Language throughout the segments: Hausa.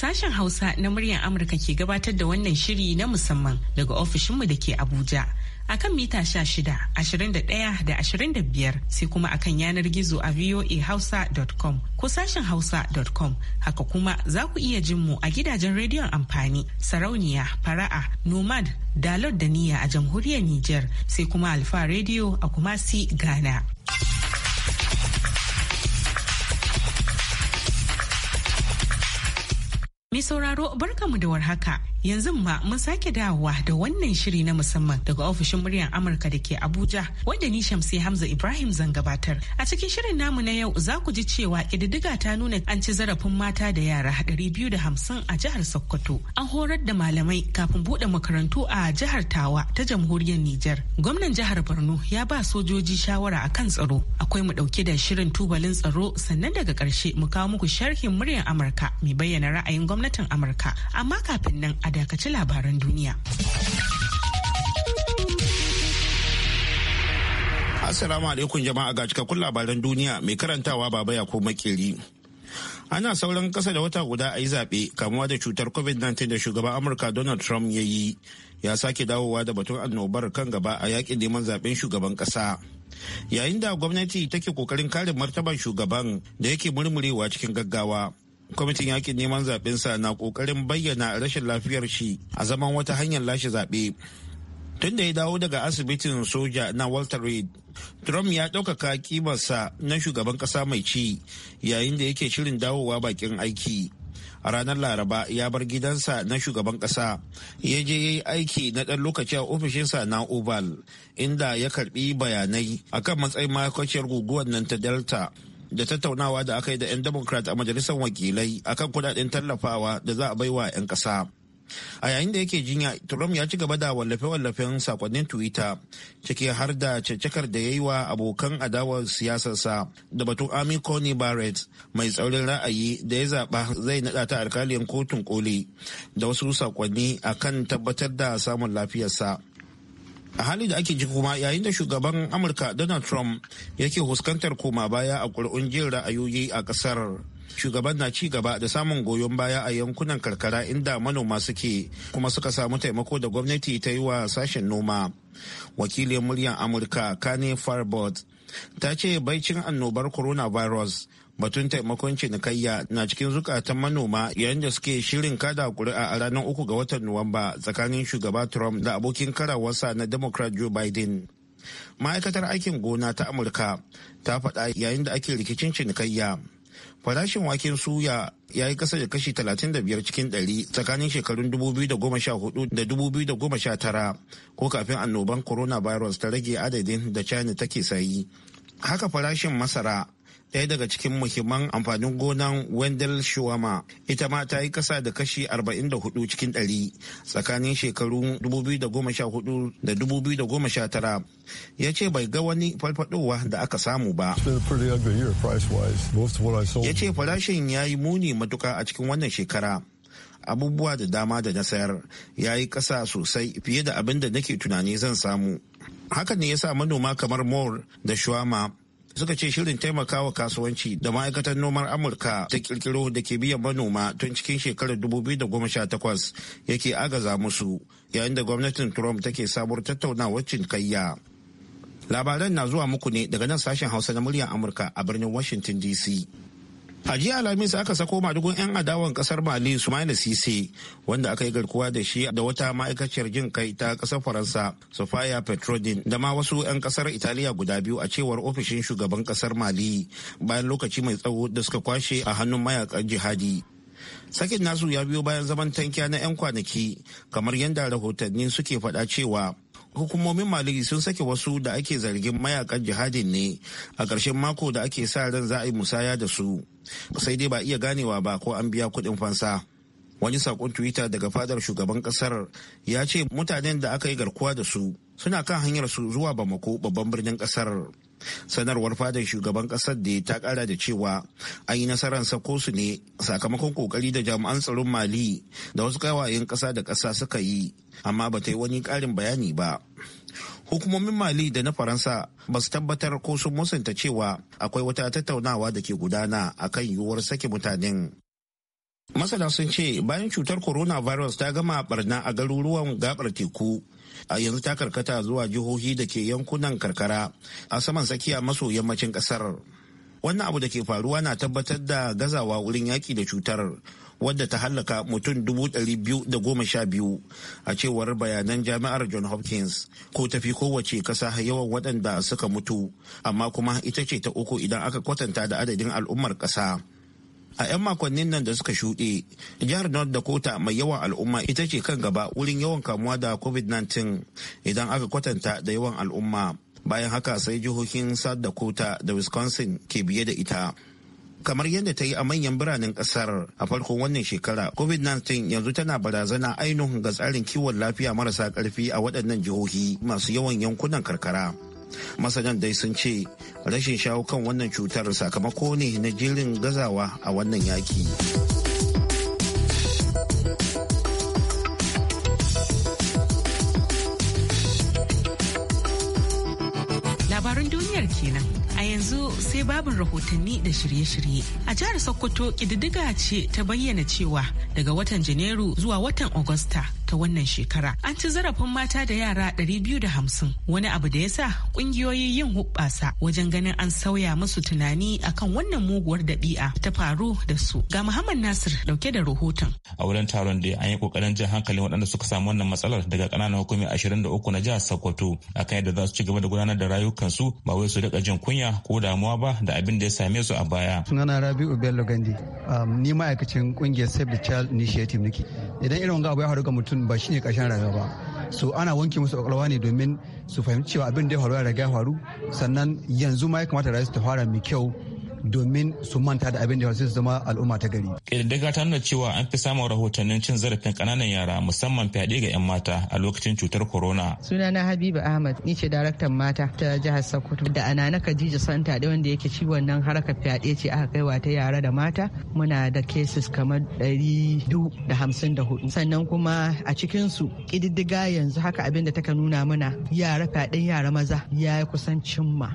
Sashen Hausa na muryar Amurka ke gabatar da wannan shiri na musamman daga ofishinmu da ke Abuja. a kan mita shida, ashirin da ɗaya, da da ashirin biyar sai kuma a kan yanar gizo a voahausa.com ko sashen hausa.com haka kuma za ku iya jin mu a gidajen rediyon amfani sarauniya fara'a nomad dalot da niyya a jamhuriyar niger sai kuma alfa rediyo a kumasi ghana Mai sauraro barkamu da warhaka yanzu ma mun sake dawowa da wannan shiri na musamman daga ofishin muryar amurka da ke abuja wanda ni shamsi hamza ibrahim zan gabatar a cikin shirin namu na yau za ku ji cewa ƙididdiga ta nuna an ci zarafin mata da yara biyu da hamsin a jihar sokoto an horar da malamai kafin buɗe makarantu a jihar tawa ta jamhuriyar nijar gwamnan jihar borno ya ba sojoji shawara a kan tsaro akwai mu ɗauke da shirin tubalin tsaro sannan daga ƙarshe mu kawo muku sharhin muryar amurka mai bayyana ra'ayin gwamnatin amurka amma kafin nan a dakaci labaran duniya. Assalamu alaikum jama'a ga cikakkun labaran duniya mai karantawa baba ya ko makeri. Ana sauran kasa da wata guda a yi zaɓe kamuwa da cutar COVID-19 da shugaban Amurka Donald Trump ya yi ya sake dawowa da batun annobar kan gaba a yakin neman zaɓen shugaban ƙasa. Yayin da gwamnati take kokarin kare martaban shugaban da yake murmurewa cikin gaggawa. kwamitin yakin neman sa na kokarin bayyana rashin lafiyar shi a zaman wata hanyar lashe zaɓe tun da ya dawo daga asibitin soja na walter reed trump ya ɗaukaka kimarsa na shugaban ƙasa mai ci yayin da yake shirin dawowa bakin aiki a ranar laraba ya bar gidansa na shugaban ƙasa ya je ya yi aiki na ɗan lokaci a ofishinsa na oval inda ya karbi bayanai akan matsayin makwaciyar guguwar nan ta delta da tattaunawa da aka yi da 'yan democrat a majalisar wakilai akan kudaden tallafawa da za a baiwa 'yan kasa. a yayin da yake jinya trump ya ci gaba da wallafe-wallafen sakonnin twitter ciki har da cecekar da ya yi wa abokan adawar siyasarsa da batun army coney barrett mai tsaurin ra'ayi da ya zaba zai naɗa ta alkaliyan kotun koli da wasu sakonni akan tabbatar da samun lafiyarsa a hali da ake ji kuma yayin da shugaban amurka donald trump yake huskantar koma baya a ƙuri'un jin ra'ayoyi a ƙasar shugaban na ci gaba da samun goyon baya a yankunan karkara inda manoma suke kuma suka samu taimako da gwamnati ta yi wa sashen noma wakilin muryar amurka kane farbot ta ce baicin annobar coronavirus batun taimakon cinikayya na cikin zukatan manoma yayin da suke shirin kada kuri'a a ranar uku ga watan nuwamba tsakanin shugaba trump da abokin karawarsa na democrat joe biden ma'aikatar aikin gona ta amurka ta faɗa yayin da ake rikicin cinikayya farashin waken suya ya yi kasa da kashi 35 cikin 100 tsakanin shekarun 2014 da 2019 ko kafin annoban coronavirus ta rage adadin da china take sayi haka farashin masara ɗaya daga cikin muhimman amfanin gonan wendell shuwama ita ma ta yi kasa da kashi 44 cikin 100 tsakanin shekaru 2014 da 2019 ya ce bai ga wani falfadowa da aka samu ba ya ce farashin ya yi muni matuka a cikin wannan shekara abubuwa da dama da na sayar ya yi ƙasa sosai fiye da abin da nake tunani zan samu hakan ne ya sa manoma kamar moore da shuwama suka ce shirin taimakawa kasuwanci da ma'aikatar nomar amurka ta kirkiro da ke biyan manoma tun cikin shekarar 2018 yake agaza musu yayin da gwamnatin trump take sabuwar tattaunawar cinkayya labaran na zuwa muku ne daga nan sashen hausa na muryar amurka a birnin washington dc a jiya alhamis aka sako madugun 'yan adawan kasar mali su sumaila sise wanda aka yi garkuwa da shi da wata ma'aikaciyar jin kai ta kasar faransa sofia petrodin da ma wasu 'yan kasar italiya guda biyu a cewar ofishin shugaban kasar mali bayan lokaci mai tsawo da suka kwashe a hannun mayakan jihadi sakin nasu ya biyo bayan zaman tankiya na 'yan kwanaki kamar yadda rahotanni suke faɗa cewa hukumomin mali sun sake wasu da ake zargin mayakan jihadin ne a ƙarshen mako da ake sa ran za a yi musaya da su sai dai ba iya ganewa ba ko an biya kuɗin fansa wani saƙon twitter daga fadar shugaban ƙasar ya ce mutanen da aka yi garkuwa da su suna kan hanyar su zuwa bamako babban birnin ƙasar sanarwar fadar shugaban ƙasar da ta ƙara da cewa an yi nasarar sako su ne sakamakon kokari da jami'an tsaron mali da wasu kawayen ƙasa da ƙasa suka yi amma ba ta yi wani ƙarin bayani ba hukumomin mali da na faransa ba su tabbatar ko sun musanta cewa akwai wata tattaunawa da ke gudana a kan yiwuwar sake mutanen masana sun ce bayan cutar coronavirus ta gama barna a garuruwan gabar teku a yanzu ta karkata zuwa jihohi da ke yankunan karkara a saman tsakiya maso yammacin kasar wannan abu da ke faruwa na tabbatar da gazawa wurin yaki da cutar wadda ta hallaka mutum 212 a cewar bayanan jami'ar john hopkins ko tafi kowace kasa yawan waɗanda suka mutu amma kuma ita ce ta uku idan aka kwatanta da adadin al'ummar ƙasa a 'yan makonnin nan da suka shuɗe jihar north dakota mai yawan al'umma ita ce kan gaba wurin yawan kamuwa da covid-19 idan aka kwatanta da yawan al'umma bayan haka sai jihohin south dakota da wisconsin ke biye da ita kamar yadda ta yi a manyan biranen kasar a farkon wannan shekara covid-19 yanzu tana barazana ainihin ga tsarin kiwon lafiya marasa karfi a waɗannan jihohi masu yawan yankunan karkara masanan dai sun ce rashin shawo kan wannan cutar sakamako ne na jirin gazawa a wannan yaki. sai babin rahotanni da shirye-shirye. A jihar Sokoto ƙididdiga ce ta bayyana cewa daga watan Janairu zuwa watan Agusta ta wannan shekara an ci zarafin mata da yara biyu da hamsin wani abu da ya sa ƙungiyoyi yin hubbasa wajen ganin an sauya musu tunani akan wannan muguwar dabi'a ta faru da su. Ga Muhammad Nasir ɗauke da rahoton. A wurin taron da an yi kokarin jan hankalin waɗanda suka samu wannan matsalar daga ƙananan hukumi 23 na jihar Sokoto akan yadda za su ci gaba da gudanar da rayukansu ba wai su riƙa jin kunya ko damuwa ba da abin da ya same su a baya. Sunana Rabi'u Bello Gandi, um, ni ma'aikacin kungiyar Save the Child Initiative nake. Idan irin wanga abu ya faru ga mutum ba shine karshen rayuwa ba. So ana wanke musu kwakwalwa ne domin su fahimci cewa abin da ya faru ya riga ya faru sannan yanzu ma ya kamata rayuwa ta fara mai kyau domin su manta da abin da su zama al'umma ta gari. Ƙididdiga ta nuna cewa an fi samun rahotannin cin zarafin ƙananan yara musamman fyaɗe ga 'yan mata a lokacin cutar corona. Sunana Habiba Ahmad ni ce daraktan mata ta jihar Sokoto da Anana Khadija Santa da wanda yake ci wannan harkar fyaɗe ce aka kaiwa ta yara da mata muna da cases kamar ɗari da hamsin da hudu sannan kuma a cikinsu ƙididdiga yanzu haka abin da taka nuna mana yara fyaɗen yara maza ya kusan cimma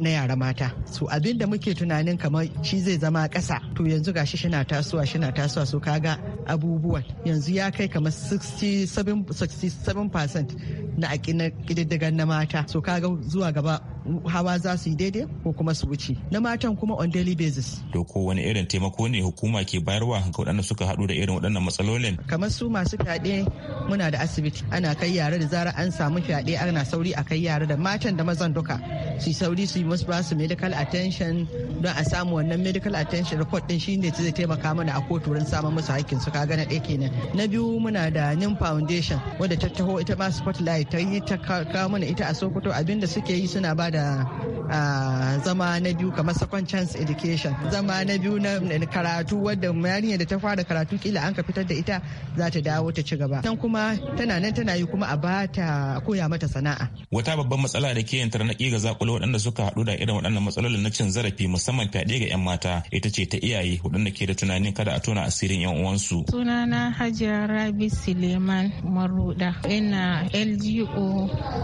na yara mata. So abin da muke tunani ganin kamar shi zai zama ƙasa to yanzu gashi shina tasowa shina tasowa so kaga abubuwan yanzu ya kai kamar 67% na a ƙididdigan na mata so kaga zuwa gaba hawa za su yi daidai ko kuma su wuce na matan kuma on daily basis to ko wani irin taimako ne hukuma ke bayarwa ga waɗanda suka haɗu da irin waɗannan matsalolin kamar su masu fyaɗe muna da asibiti ana kai yare da zara an samu fyaɗe ana sauri a kai yare da matan da mazan duka su sauri su yi musu ba su medical attention don a samu wannan medical attention report din shi ne zai taimaka mana a kotu wurin samun musu haƙƙin su kaga na ɗaya kenan na biyu muna da nim foundation wadda ta taho ita ma spotlight ta yi ta kawo mana ita a sokoto abinda suke yi suna ba da da ah, zama na biyu kamar second chance education zama na biyu na karatu wadda yarinya da ta fara karatu kila an ka fitar da ita za ta dawo ta ci gaba dan kuma tana nan tana yi kuma a ba ta koya mata sana'a wata babban matsala da ke yantar na ga zakulu waɗanda suka haɗu da irin waɗannan matsalolin na cin zarafi musamman fyaɗe ga 'yan mata ita ce ta iyaye waɗanda ke da tunanin kada a tona asirin 'yan uwansu sunana hajiya rabi suleiman maruda ina lgo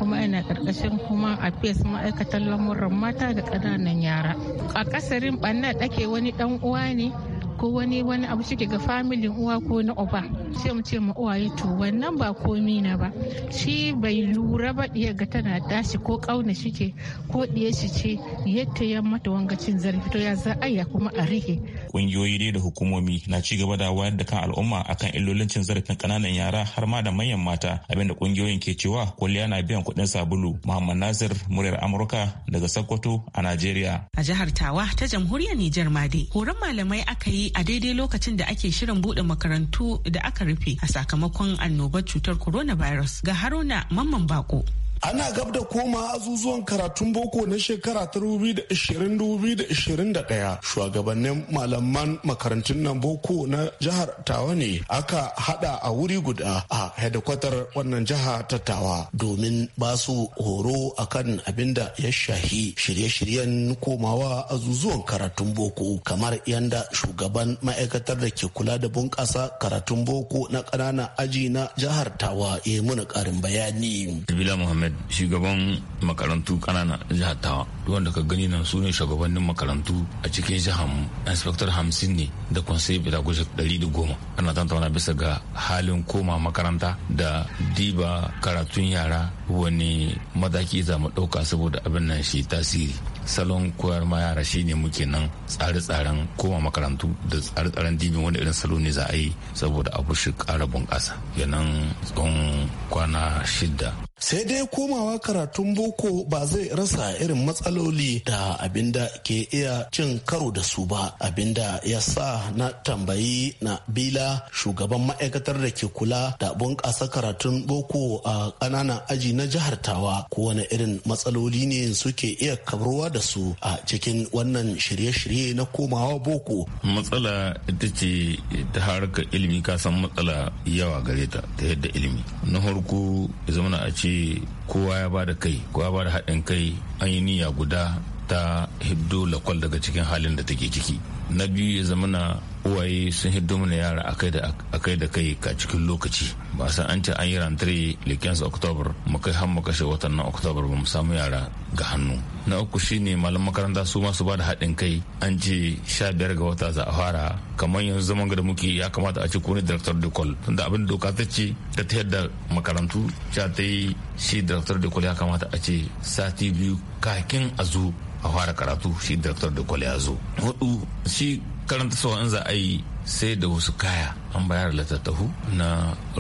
kuma ina karkashin kuma a fes aikata lamuran mata da ƙananan yara. A kasarin ɓanna ɗake wani ɗan uwa ne ko wani wani abu shi ga familin uwa ko na oba sai mu ce ma uwaye to wannan ba komi na ba shi bai lura ba ɗiyaga ga tana tashi ko kauna shi ke ko ɗiya shi ce yadda ya mata wangacin zarafi to ya za a ya kuma a rike. Ƙungiyoyi dai da hukumomi na ci gaba da wayar da kan al'umma akan illolin cin zarafin ƙananan yara har ma da manyan mata abinda ƙungiyoyin ke cewa kwalliya na biyan kuɗin sabulu. Muhammad Nasir muryar Amurka daga Sokoto a Najeriya. A jihar Tawa ta jamhuriyar Nijar ma dai horon malamai aka yi a daidai lokacin da ake shirin bude makarantu da aka rufe a sakamakon annobar cutar coronavirus ga haruna mamman bako ana gab da koma azuzuwan karatun boko na shekara ta da 2021 shugabannin malaman makarantun nan boko na jihar tawa ne aka hada a wuri guda a hedikwatar wannan jiha ta tawa domin ba su horo akan abin da ya shahi shirye-shiryen komawa azuzuwan karatun boko kamar yanda shugaban ma'aikatar da ke kula da bunƙasa karatun boko na ƙananan aji na jihar tawa ya yi muna ƙarin bayani. shugaban makarantu kanana jihar tawa wanda ka gani nan su ne shugabannin makarantu a cikin jihar inspector hamsin ne da conseil pedagogic ɗari da goma ana tantauna bisa ga halin koma makaranta da diba karatun yara wani mataki za mu ɗauka saboda abin nan shi tasiri salon koyar ma yara shi ne muke nan tsare-tsaren koma makarantu da tsare-tsaren dibin wani irin salo ne za a yi saboda abu shi ƙara bunƙasa yanan tsawon kwana shida sai dai komawa karatun boko ba zai rasa irin matsaloli da abinda ke iya cin karo da su ba abinda ya sa na tambayi na bila shugaban ma'aikatar da ke kula da bunƙasa karatun boko a ƙananan aji na jihar tawa wani irin matsaloli ne suke iya kabarwa da su a cikin wannan shirye-shirye na komawa boko matsala ita ce ta harkar ilimi kasan matsala yawa gare ta ta yadda ilimi na farko zama a ce ce kowa ya bada kai kowa ba da haɗin kai an yi niyya guda ta hiddo lakwal daga cikin halin da take ciki na biyu ya zamana uwaye sun hiddo mana yara akai da kai ka cikin lokaci ba san an ce an yi rantare lekensu oktobar mu kai har mu kashe watan nan oktobar ba mu samu yara ga hannu na uku shine malam makaranta su masu ba da haɗin kai an ce sha biyar ga wata za a fara kamar yanzu zaman da muke ya kamata a ce ko director de col tunda abin doka ta ce ta ta yadda makarantu sha ta yi shi director de col ya kamata a ce sati biyu kakin a zo a fara karatu shi director de col ya zo hudu shi karanta sau in za a yi sai da wasu kaya an bayar littattafu na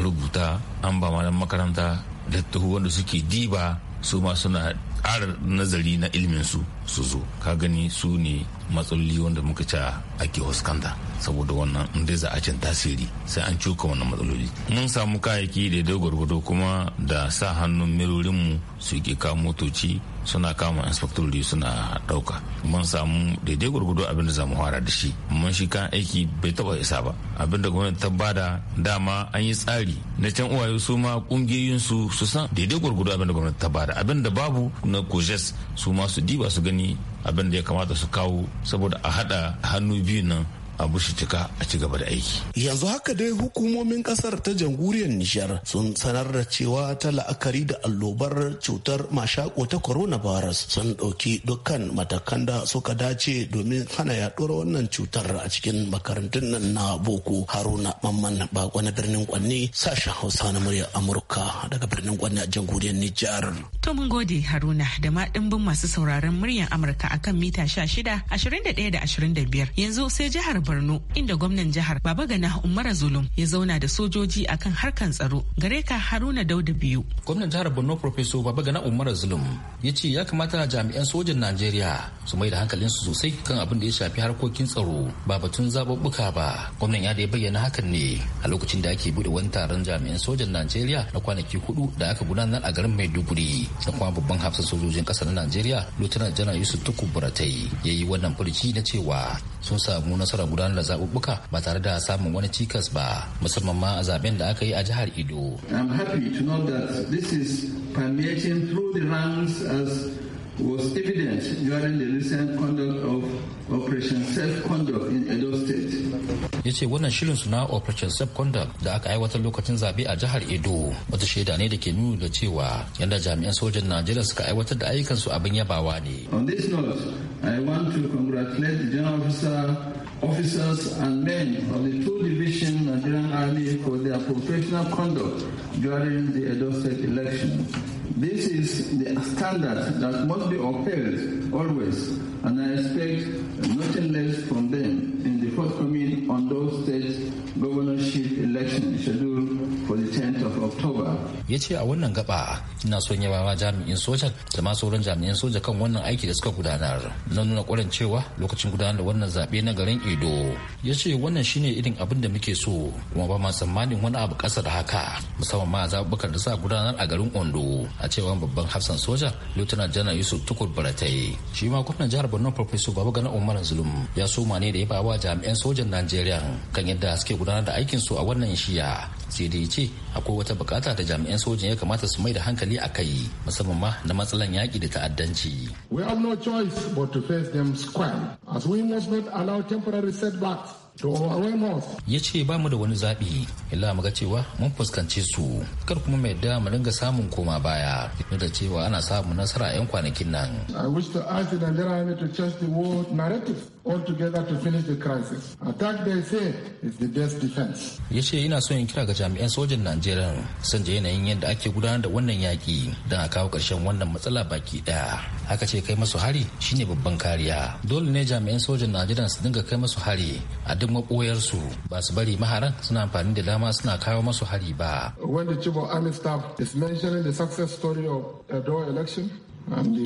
rubuta an ba malam makaranta littattafu wanda suke diba su ma suna ƙara nazari na ilmin su su zo ka gani su ne matsaloli wanda muka a ake huskanta saboda wannan in za a cin tasiri sai an cuka wannan matsaloli mun samu kayayyaki da dai gwargwado kuma da sa hannun mirorinmu su ke kawo motoci suna kama inspectori suna dauka mun samu daidai gwargwado abinda da za mu fara da shi mun shi kan aiki bai taba isa ba abinda gwamnati ta bada dama an yi tsari na can uwaye su ma kungiyoyin su su san daidai gwargwado abinda gwamnati ta bada abinda babu na kojes su ma su diba su gani gani abin da ya kamata su kawo saboda a haɗa hannu biyu nan abu bushe cika a ci gaba da aiki. Yanzu haka dai hukumomin kasar ta jamhuriyar Nijar sun sanar da cewa ta la'akari da allobar cutar mashako ta Corona virus. sun ɗauki dukkan matakan da suka dace domin hana yaɗuwar wannan cutar a cikin makarantun nan na boko haruna mamman bako na birnin kwanne sashen hausa na Murya amurka daga birnin kwanne a jamhuriyar Nijar. To mun gode haruna da ma masu sauraron muryar amurka akan mita 16 21 da 25 yanzu sai jihar borno inda gwamnan jihar baba gana umar zulum ya zauna da sojoji akan harkan tsaro gare ka haruna dauda biyu gwamnan jihar borno professor gana umar zulum ya ce ya kamata jami'an sojin najeriya su mai da hankalin su sosai kan abin da ya shafi harkokin tsaro ba batun zaɓuɓɓuka ba gwamnan ya da ya bayyana hakan ne a lokacin da ake buɗe wani taron jami'an sojan najeriya na kwanaki hudu da aka gudanar a garin maiduguri da kuma babban hafsan sojojin ƙasar najeriya lieutenant janar yusuf tukur ya yi wannan furuci na cewa sun samu nasarar gudanar da zaɓuɓɓuka ba tare da samun wani cikas ba musamman ma a zaben da aka yi a jihar edo I'm happy to know that this is permeating through the ranks as was evident during the recent conduct of Operation self Conduct in Edo State. Ya ce wannan shirin suna Operation self Conduct da aka aiwatar lokacin zabe a jihar Edo wata shaida ne da ke nuni da cewa yadda jami'an sojan Najeriya suka aiwatar da ayyukansu abin yabawa ne. On this note, I want to congratulate the General Officer officers and men of the two division Nigerian Army for their professional conduct during the Edo State election. This is the standard that must be upheld always, and I expect nothing less from them in the forthcoming Ondo State governorship election scheduled for the 10th of October. a wannan gaba ina son yabawa jami'in sojan da ma sauran jami'an soja kan wannan aiki da suka gudanar na nuna kwarin cewa lokacin gudanar da wannan zaɓe na garin edo ya ce wannan shine irin abin da muke so kuma ba ma tsammanin wani abu ƙasa da haka musamman ma zaɓuɓɓukan da sa gudanar a garin ondo a cewar babban hafsan soja lieutenant janar yusuf tukur baratai shi ma gwamnan jihar borno professor baba gana umar zulum ya soma ne da ya bawa jami'an sojan najeriya kan yadda suke gudanar da aikinsu a wannan shiya sai da ya ce akwai wata bukata da jami'an sojan ya kamata su mai da hankali nazari a kai musamman ma na matsalan yaƙi da ta'addanci. We have no choice but to face them square as we must not allow temporary setbacks ya ce ba mu da wani zaɓi illa mu ga cewa mun fuskanci su kar kuma mai da mu dinga samun koma baya duk da cewa ana samun nasara yan kwanakin nan i wish to ask the nigerian army to change the war narrative altogether to finish the crisis attack they say is the best defense ya ce ina so in kira ga jami'an sojan najeriya san je yanayin yadda ake gudanar da wannan yaki don a kawo ƙarshen wannan matsala baki daya haka ce kai masu hari shine babban kariya dole ne jami'an sojan najeriya su dinga kai masu hari a duk su ba su bari maharan suna amfani da dama suna kawo masu hari ba. When the chief of army staff is mentioning the success story of the election, And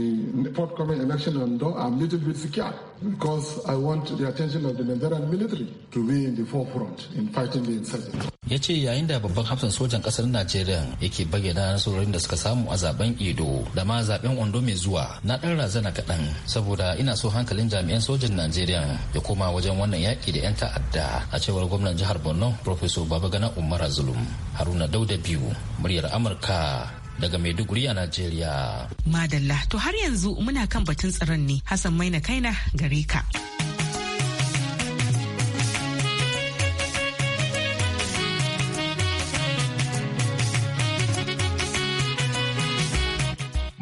the, the forthcoming election on Ondo, I'm a little bit scared because I want the attention of the Nigerian military to be in the forefront in fighting the insurgents. ya ce yayin da babban hafsan sojan kasar najeriya yake bayyana nasarorin da suka samu a zaben ido, da ma zaben ondo mai zuwa na dan razana kaɗan saboda ina so hankalin jami'an sojan najeriya ya koma wajen wannan yaƙi da 'yan ta'adda a cewar gwamnan jihar borno professor babagana umar zulum haruna dauda biyu muryar amurka daga Maiduguri a Najeriya. Madalla to har yanzu muna kan batun tsaron ne Hassan Maina Kaina gare ka.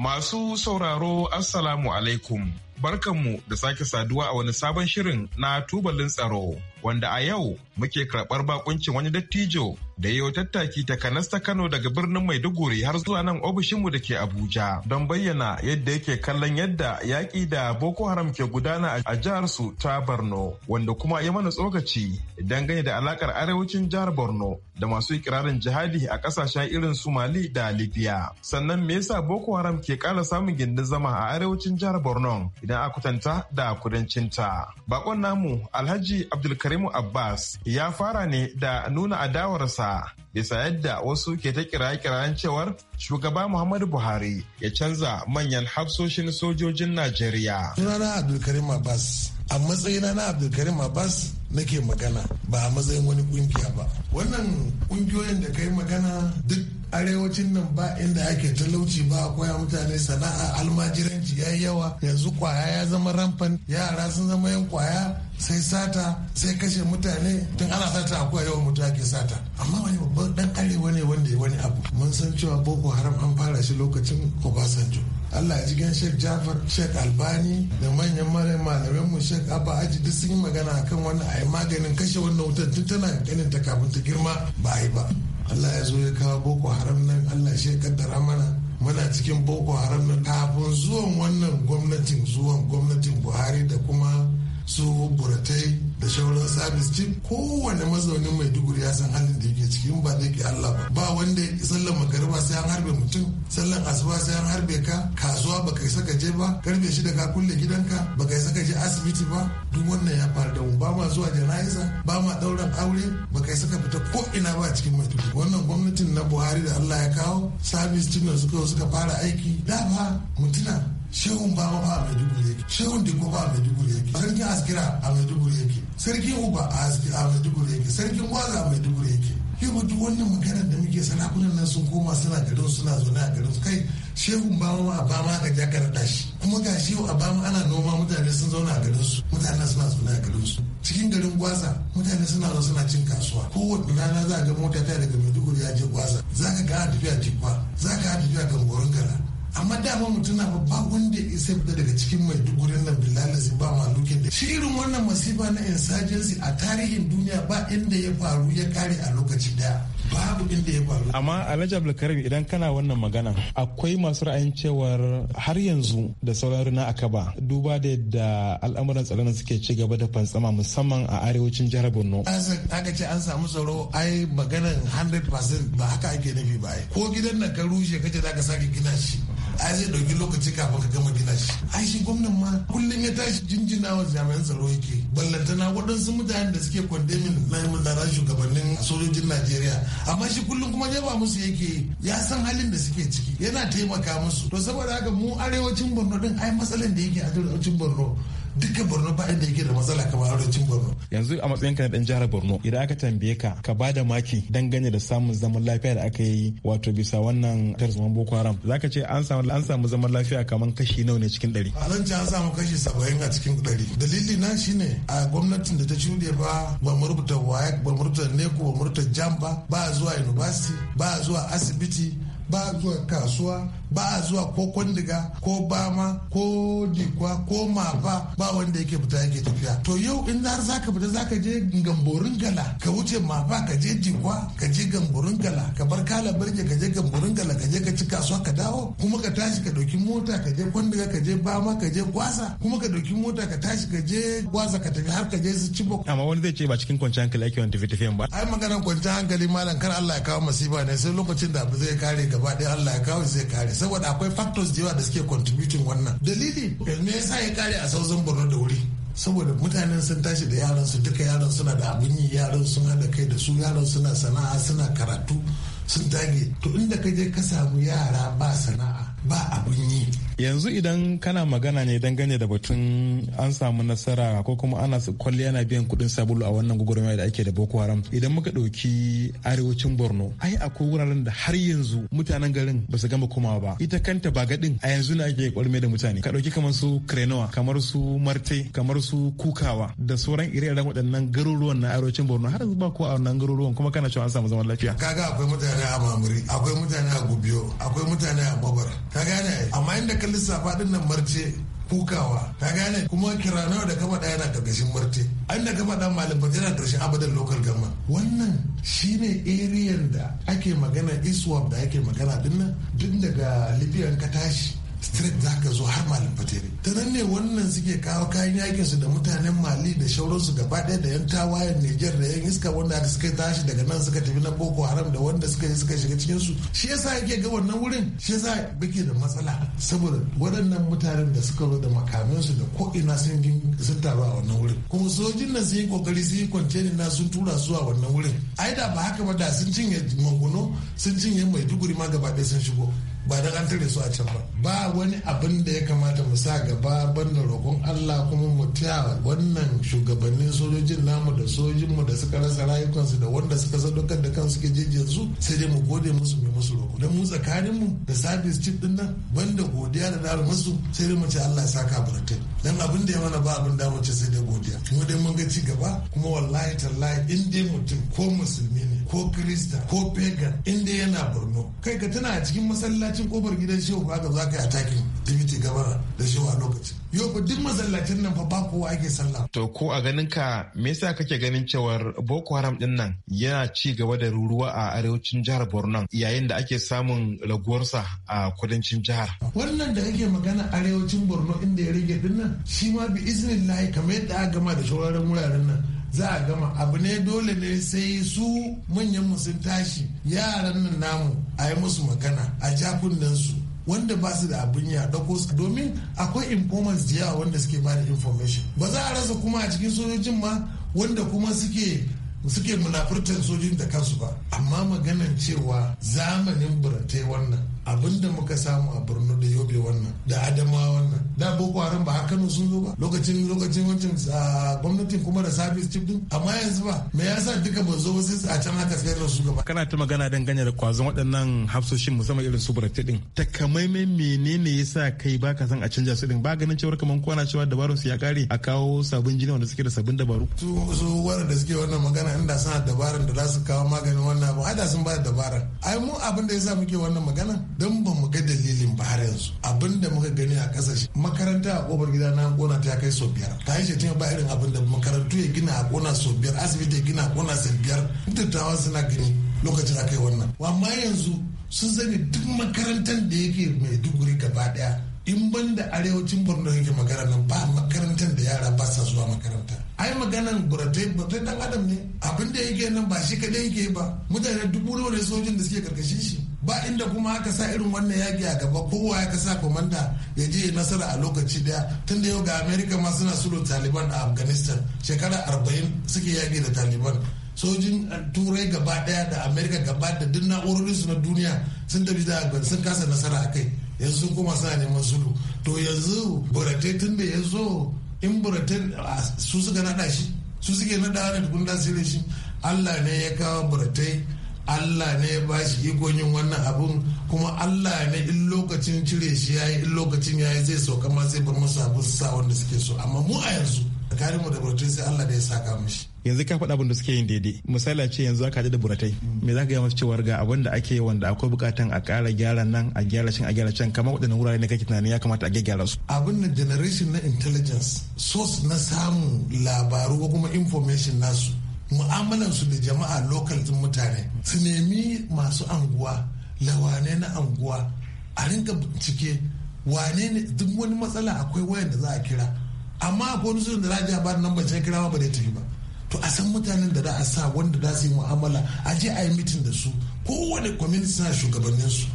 Masu sauraro Assalamu alaikum. barkanmu da sake saduwa a wani sabon shirin na tubalin tsaro wanda a yau muke karɓar bakuncin wani dattijo da yau tattaki ta kanasta Kano daga birnin Maiduguri har zuwa nan ofishinmu da ke Abuja don bayyana yadda yake kallon yadda yaƙi da Boko Haram ke gudana a jihar su ta Borno wanda kuma ya mana tsokaci dangane da alakar arewacin jihar Borno da masu ikirarin jihadi a ƙasashen irin su Mali da Libya sannan me yasa Boko Haram ke ƙara samun gindin zama a arewacin jihar Borno idan idan a kwatanta da kudancinta. Bakon namu Alhaji Abdulkarimu Abbas ya fara ne da nuna adawarsa bisa yadda wasu ke ta kiraye-kirayen cewar shugaba Muhammadu Buhari ya canza manyan hafsoshin sojojin Najeriya. Sunana Abdulkarim Abbas a matsayina na abdulkarim abbas nake magana ba a matsayin wani kungiya ba wannan kungiyoyin da kai magana duk arewacin nan ba inda ake talauci ba a koya mutane sana'a almajiranci ya yi yawa yanzu kwaya ya zama ramfan yara sun zama yan kwaya sai sata sai kashe mutane tun ana sata akwai yawan mutu ake sata amma wani babban dan arewa ne wanda ya wani abu mun san cewa boko haram an fara shi lokacin obasanjo Allah ji gan Sheikh Jafar Sheikh Albani da manyan malaman mu Sheikh Abba Aji duk sun yi magana akan wannan a maganin kashe wannan wutar tun tana ganin ta kafin ta girma ba a yi ba. Allah ya zo ya kawo Boko Haram nan Allah shi ya kaddara mana muna cikin Boko Haram nan kafin zuwan wannan gwamnatin zuwan gwamnatin Buhari da kuma su buratai sauran sabis cin kowane mazaunin mai maiduguri ya san halin da yake ciki ba zai ke allah ba ba wanda sallan magariba sai an harbe mutum sallan asuba sai an harbe ka kasuwa baka isa ka je ba karfe shida ka kulle gidanka baka isa ka je asibiti ba duk wannan ya faru da mu ba ma zuwa jana'iza ba ma dauran aure baka isa ka fita ko ina ba cikin maiduguri wannan gwamnatin na buhari da allah ya kawo sabis cin suka suka fara aiki da ba mutuna shehun baba ba a maiduguri yake shehun digo ba a maiduguri yake sarkin askira a maiduguri yake sarkin uba a maiduguri yake sarkin gwaza a maiduguri yake yau duk wannan maganar da muke sarakunan nan sun koma suna garin suna zaune a garin kai shehun ba ma a bama ka ja ka shi kuma ga shehu a bama ana noma mutane sun zauna a garin su mutane suna zaune a garin su cikin garin gwaza mutane suna zaune suna cin kasuwa kowace rana za ga mota ta daga maiduguri ya je gwaza za ka ga a tafiya tikwa za ka ga tafiya gamborin gara amma dama mutum na ba wanda ya isa fita daga cikin mai maidugurin nan bilalazi ba malukin da shi irin wannan masifa na insurgency a tarihin duniya ba inda ya faru ya kare a lokaci daya babu inda ya faru amma alhaji abdulkarim idan kana wannan magana akwai masu ra'ayin cewar har yanzu da saurari na akaba duba da yadda al'amuran tsaron suke ci gaba da fantsama musamman a arewacin jihar borno aka ce an samu tsaro ai maganar 100% ba haka ake nufi ba ko gidan nan ka rushe kace za ka sake gina shi ai zai dauki lokaci kafin ka gama gina shi ai shi gwamnan ma kullum ya tashi jinjina wa jami'an tsaro yake ballantana waɗansu mutanen da suke kwandemin na mutara shugabannin sojojin najeriya amma shi kullum kuma jaba musu yake ya san halin da suke ciki yana taimaka musu to saboda haka mu arewacin borno din ai matsalan da yake a arewacin borno duka borno ba inda yake da matsala kamar arancin borno yanzu a matsayin ka na dan jihar borno idan aka tambaye ka ka ba da maki dangane da samun zaman lafiya da aka yi wato bisa wannan tarzoman boko haram ka ce an samu zaman lafiya kamar kashi nawa ne cikin ɗari a nan ce an samu kashi saba'in a cikin ɗari dalili na ne a gwamnatin da ta shuɗe ba ba mu rubuta waya ba mu rubuta neku ba mu rubuta jam ba ba zuwa university ba zuwa asibiti ba zuwa kasuwa ba a zuwa ko kwandiga ko bama ko dikwa ko mafa ba wanda yake fita yake tafiya to yau in har zaka fita zaka je gamborin gala ka wuce mafa ka je dikwa ka je gamborin gala ka bar kala birge ka je gamborin gala ka je ka ci kasuwa ka dawo kuma ka tashi ka dauki mota ka je kwandiga ka je bama ka je gwasa kuma ka dauki mota ka tashi ka je gwasa ka tafi har ka je su cibok amma wani zai ce ba cikin kwanciyar hankali ake wani tafi tafiyan ba ai maganar kwanciyar hankali malam kar Allah ya kawo masifa ne sai lokacin da abu zai kare gaba ɗaya Allah ya kawo zai kare saboda akwai factors da yawa da suke contributing wannan dalili me yasa ya kare a sauzan borno da wuri saboda mutanen sun tashi da yaran su duka yaran suna da abin yi yaran sun hada kai da su yaran suna sana'a suna karatu sun tage to inda ka je ka samu yara ba sana'a ba abin yi yanzu idan kana magana ne dangane da batun an samu nasara ko kuma ana kwalli na biyan kuɗin sabulu a wannan gwagwarmaya da ake da boko haram idan muka ɗauki arewacin borno ai akwai wuraren da har yanzu mutanen garin ba su gama komawa ba ita kanta ba gadin a yanzu ne ake kwalme da mutane ka ɗauki kamar su krenowa kamar su marte kamar su kukawa da sauran ire-iren waɗannan garuruwan na arewacin borno har yanzu ba ko a wannan garuruwan kuma kana cewa an samu zaman lafiya kaga akwai mutane a mamuri akwai mutane a gubiyo akwai mutane a babar ka gane amma inda ka lissafa din nan marce kukawa ka gane kuma kira nawa da ka ɗaya na karkashin marte an da kafa ɗan malam fati yana karshen abadan local gama wannan shine eriyan da ake magana iswap da ake magana din nan duk daga libyan ka tashi straight za ka zo har malin fatere ta nan ne wannan suke kawo kayan yakin su da mutanen mali da shauransu gaba ɗaya da yan tawayen niger da yan iska wanda aka suka tashi daga nan suka tafi na boko haram da wanda suka suka shiga cikin su shi yasa yake ga wannan wurin shi yasa bake da matsala saboda waɗannan mutanen da suka zo da makamin su da ko ina sun sun taru a wannan wurin kuma sojin nan sun yi kokari sun yi ni na sun tura zuwa wannan wurin ai da ba haka ba da sun cinye mangono sun cinye maiduguri ma gaba ɗaya sun shigo ba da an tare su a can ba ba wani abin da ya kamata mu sa gaba banda roƙon Allah kuma mu taya wannan shugabannin sojojin namu da sojojin mu da suka rasa rayukansu da wanda suka sadaukar da kansu jeje yanzu sai dai mu gode musu mu musu roƙo dan mu tsakanin mu da sabis chief din nan banda godiya da dara musu sai dai mu ce Allah ya saka burtai dan abin da ya mana ba abin da mu ce sai dai godiya mu dai mun ga ci gaba kuma wallahi tallahi in dai mutum ko musulmi ne ko krista ko pagan inda yana borno kai ka tana a cikin masallacin kofar gidan shehu haka za ka yi atakin dimiti gaba da shehu a lokacin yau ba duk masallacin nan fa ba kowa ake sallah to ko a ganin ka me yasa kake ganin cewa boko haram din nan yana ci gaba da ruruwa a arewacin jihar borno yayin da ake samun raguwarsa a kudancin jihar wannan da kake magana arewacin borno inda ya rage din nan shi ma bi iznillahi kamar yadda aka gama da shawarar wuraren nan za a gama abu ne dole ne sai su manyan sun tashi yaran nan namu a yi musu magana a jakunan su wanda ba su da abin ya dauko su domin akwai informants da yawa wanda suke ba da information ba za a rasa kuma a cikin sojojin ma wanda kuma suke suke munafurtar sojin da kansu ba amma maganan cewa zamanin burantai wannan abinda muka samu a birni da yobe wannan da adama wannan da boko haram ba a kano sun zo ba lokacin lokacin wancan ah, gwamnatin kuma da service chief din amma yanzu ba me yasa duka ba zo wasu a can haka sayar da su gaba kana ta magana dangane da kwazon waɗannan hafsoshin musamman irin su burati din takamaimai menene yasa kai baka san a canja su din ba ganin cewar kaman kwana cewa dabarun su ya kare a kawo sabbin jini wanda suke da sabbin dabaru su su wanda suke wannan magana inda suna dabarun da za su kawo maganin wannan abu ai da sun ba da dabaran ai mu abin da yasa muke wannan magana don ba mu ga dalilin ba har yanzu abin da muka gani a kasashe makaranta a kofar gida na kona ta kai sau biyar ta yi shetin ba irin abin da makarantu ya gina a gona sau biyar asibiti ya gina a kona sau biyar dattawa suna gani lokacin yi wannan wa amma yanzu sun sani duk makarantar da yake mai duguri gaba daya in ban da arewacin borno yake magana nan ba makarantar da yara ba sa zuwa makaranta ai maganan buratai buratai dan adam ne abin da yake nan ba shi kadai yake ba mutane dubu ne sojin da suke karkashin shi ba inda kuma aka sa irin wannan yaki a gaba kowa ya sa komanda ya je nasara a lokaci daya tun da yau ga america ma suna sulo taliban a afghanistan shekara arba'in suke yaki da taliban sojin turai gaba daya da america gaba da duk na'urorinsu na duniya sun tafi da sun kasa nasara a kai yanzu kuma suna neman sulu to yanzu buratai tun da ya zo in buratai su suka nada shi su suke nada wani tukun da shi allah ne ya kawo buratai Allah ne ya ba shi iko yin wannan abun kuma Allah ne in lokacin cire shi ya yi in lokacin ya yi zai sauka ma zai bar musu abun sa wanda suke so amma mu a yanzu tsakanin mu da buratai sai Allah da ya saka mishi. Yanzu ka faɗa abin da suke yin daidai misali ce yanzu aka ji da buratai me za ka gaya masu cewar ga abin da ake wanda akwai bukatan a ƙara gyara nan a gyara can a gyara can kamar waɗannan wurare ne kake tunanin ya kamata a gyara su. Abin da generation na intelligence source na samun labaru ko kuma information nasu su da jama'a lokal din mutane su nemi masu anguwa lawane na anguwa a ringa bincike wane ne duk wani matsala akwai wayan da za a kira amma akwai wani sun da za a ba nan ban kira ba da tafi ba to a san mutanen da za a sa wanda za su yi mu'amala a je a yi mitin da su kowane community suna shugabannin su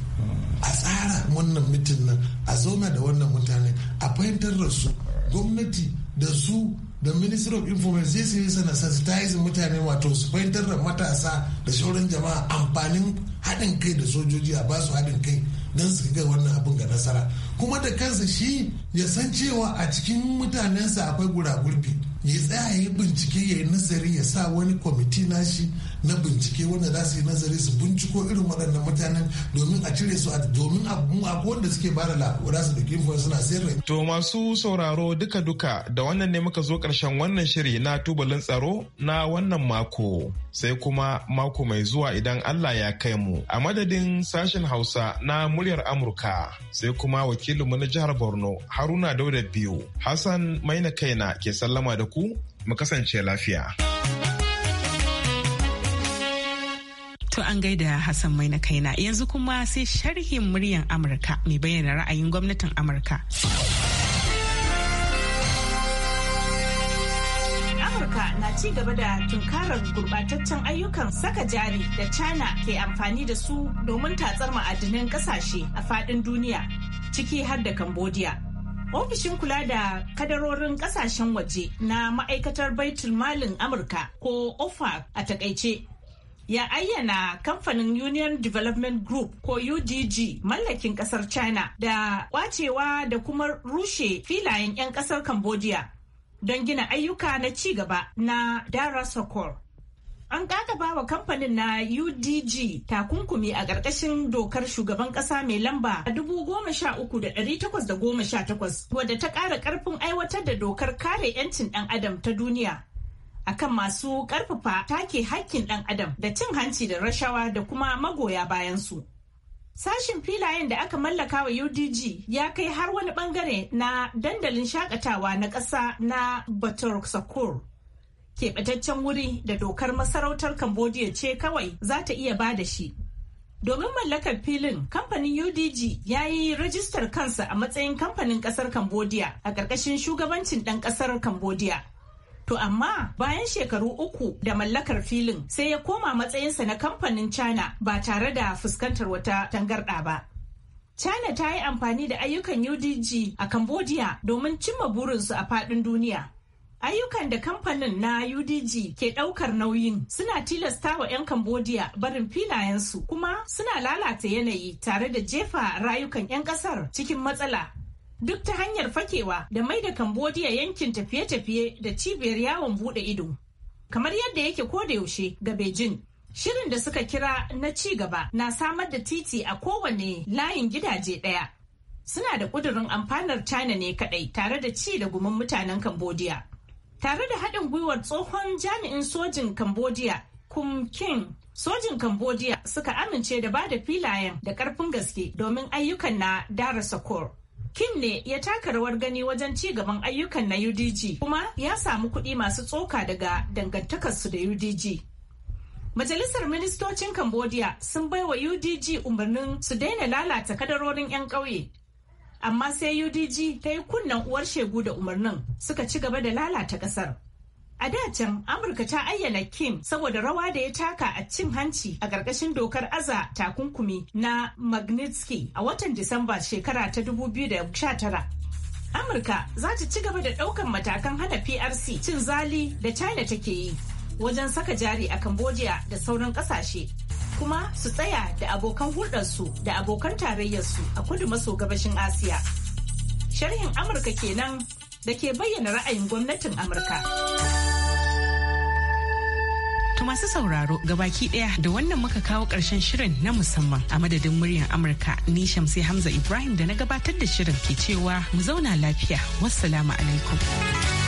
a tsara wannan mitin nan a zauna da wannan mutane a fahimtar da su gwamnati da su da ministry of information sai su na sensitize mutane wato su fahimtar da matasa da sauran jama'a amfanin haɗin kai da sojoji a basu haɗin kai don su ga wannan abin ga nasara kuma da kansa shi ya san cewa a cikin mutanensa akwai gura gurbi ya tsaya ya bincike ya yi nazari ya sa wani kwamiti nashi na bincike wanda za su yi nazari su binciko irin waɗannan mutanen domin a cire su a domin a wanda suke ba da lafiya su da info suna sirri. To masu sauraro duka-duka da wannan ne muka zo karshen wannan shiri na tubalin tsaro na wannan mako. Sai kuma mako mai zuwa idan Allah ya kai mu a madadin sashen Hausa na muryar Amurka sai kuma wakilinmu na jihar Borno Haruna Dauda biyu Hassan Maina Kaina ke sallama da ku mu kasance lafiya. To an gaida Hassan mai na kaina yanzu kuma sai sharhin muryan Amurka mai bayyana ra'ayin gwamnatin Amurka. Amurka na ci gaba da tunkarar gurbataccen ayyukan saka jari da China ke amfani da su domin tatsar ma'adinan kasashe a fadin duniya ciki har da Cambodia. Ofishin kula da kadarorin kasashen waje na ma'aikatar baitul malin Amurka ko OFA a takaice ya ayyana kamfanin Union Development Group ko UDG mallakin kasar China da kwacewa da kuma rushe filayen 'yan kasar Cambodia don gina ayyuka na ci gaba na Dara Sokor. An kakaba wa kamfanin na UDG takunkumi a ƙarƙashin dokar shugaban ƙasa mai lamba a takwas wadda ta ƙara ƙarfin aiwatar da dokar kare 'yancin ɗan adam ta duniya akan masu ƙarfafa take hakkin ɗan adam da cin hanci da rashawa da kuma magoya bayansu. Sashin filayen da aka mallaka wa UDG ya kai har wani bangare na dandalin shakatawa na ƙasa na Bator Sakur. Keɓataccen wuri da dokar masarautar Cambodia ce kawai za ta iya ba da shi. Domin mallakar filin, kamfanin UDG ya yi rajistar kansa a matsayin kamfanin ƙasar Cambodia a ƙarƙashin shugabancin ɗan ƙasar Cambodia. To amma bayan shekaru uku da mallakar filin sai ya koma matsayinsa na kamfanin China ba tare da fuskantar wata tangarɗa ba. China ta yi amfani da ayyukan UDG a Cambodia domin cimma burinsu a faɗin duniya. Ayyukan da kamfanin na UDG ke ɗaukar nauyin suna tilasta wa 'yan Cambodia barin filayensu kuma suna lalata yanayi tare da jefa rayukan 'yan ƙasar cikin matsala duk ta hanyar fakewa da mai da Cambodia yankin tafiye-tafiye da cibiyar yawon bude ido. Kamar yadda yake yaushe ga Beijing, shirin da suka kira na ci gaba na samar da titi a kowane layin gidaje ɗaya. Suna da ƙudurin amfanar China ne kaɗai tare da ci da gumin mutanen Cambodia. Tare da haɗin gwiwar tsohon jami'in sojin Cambodia, Kum King, sojin Cambodia suka amince da ba da filayen da ƙarfin gaske domin ayyukan na Dara Kim ne ya taka rawar gani wajen ci gaban ayyukan na UDG kuma ya samu kuɗi masu tsoka daga dangantakarsu da UDG. Majalisar Ministocin Cambodia sun bai wa UDG umarnin su daina lalata kadarorin 'yan ƙauye. Amma sai UDG ta yi kunnen uwar shegu da umarnin suka ci gaba da lalata ƙasar. A da can Amurka ta ayyana Kim saboda rawa da ya taka a cin hanci a ƙarƙashin dokar aza takunkumi na Magnitsky a watan Disamba shekara ta 2019. Amurka za ta ci gaba da ɗaukan matakan hana PRC cin zali da China take yi wajen saka jari a Cambodia da sauran ƙasashe. Kuma su tsaya da abokan hulɗarsu da abokan tarayyarsu a kudu maso gabashin Asiya. Sharhin Amurka kenan da ke bayyana ra'ayin gwamnatin Amurka. To masu sauraro gabaki ɗaya da wannan muka kawo ƙarshen shirin na musamman a madadin muryar Amurka ni Shamsi Hamza Ibrahim da na gabatar da shirin ke cewa mu zauna lafiya. Wassalamu alaikum.